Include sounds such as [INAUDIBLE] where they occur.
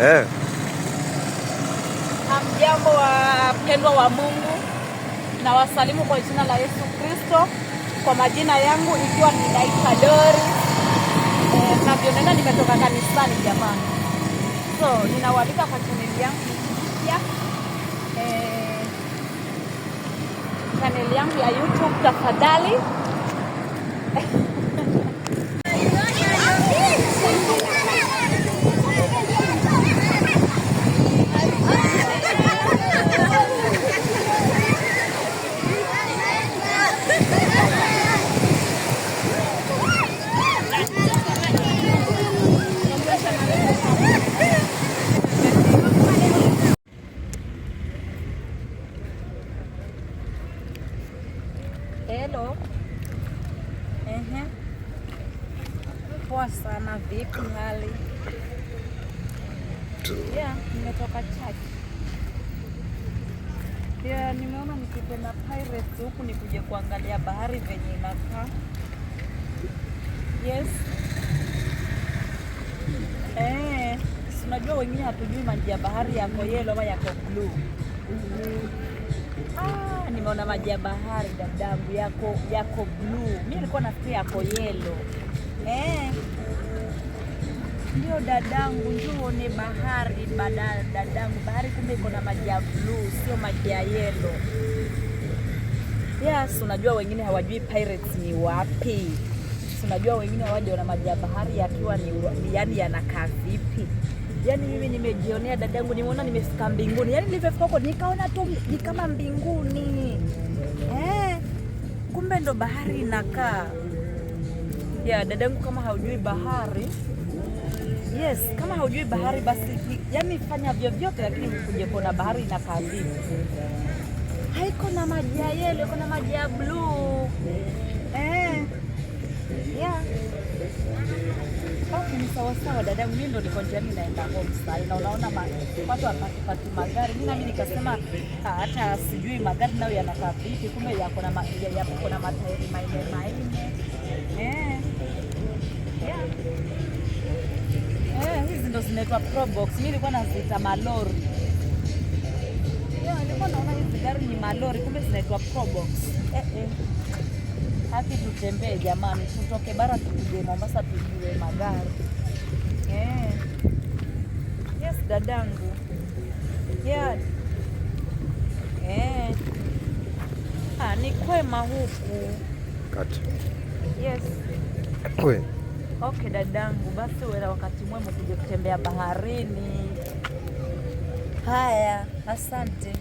eh. Mjambo wapendwa wa Mungu, na wasalimu kwa jina la Yesu Kristo. Kwa majina yangu ikiwa ninaitwa Dori eh, navyonena nimetoka kanisani jamani, so ninawalika kwa chaneli yangu mpya eh, chaneli yangu ya YouTube tafadhali [LAUGHS] Hello. Ehe. Poa sana, vipi hali? Yeah, nimetoka church. Yeah, nimeona mkipenda pirates huku ni kuangalia bahari venye inakaa. Yes. Eh, unajua wengine hatujui maji ya bahari yako yellow ama yako blue. Mm-hmm. Ah unaona maji ya bahari dadangu, yako yako bluu. Mimi nilikuwa nafikiria yako yelo eh. Ndio dadangu, njoo uone bahari badala dadangu, bahari kumbe iko na maji ya bluu, sio maji ya yelo. Yes, unajua wengine hawajui pirates ni wapi. Unajua wengine hawajaona maji ya bahari yakiwa ni yani, yanakaa vipi yani mimi nimejionea dada yangu nimeona nimefika mbinguni, yani nilivyofika huko nikaona tu ni kama mbinguni eh, kumbe ndo bahari inakaa ya yangu Kama haujui bahari Yes, kama haujui bahari basi, yani fanya vyovyote, lakini ukuje kuona bahari inakaa vipi. Haiko na maji ya yellow, iko na maji ya bluu eh. Yeah. Oh sawa sawa, dada, mimi ndo niko njia, mimi naenda home sasa, na unaona watu hawapati magari. Mimi nami nikasema ah, hata sijui magari nayo yanakaa vipi, kumbe yako na yako na matairi maine maine. Eh, yeah, Eh, hizi ndo zinaitwa Pro Box. Mimi nilikuwa naziita malori. Yeah, nilikuwa naona hizi gari ni malori, kumbe zinaitwa Pro Box. Eh, eh. Haki tutembee jamani, tutoke bara tukuje Mombasa tujue magari. Eh. Yes, dadangu. Yeah. Eh. Ah, ni kwema huku. Cut. Yes. Kwe. Okay, dadangu, basi wewe wakati mwema kuja kutembea baharini. Haya, asante.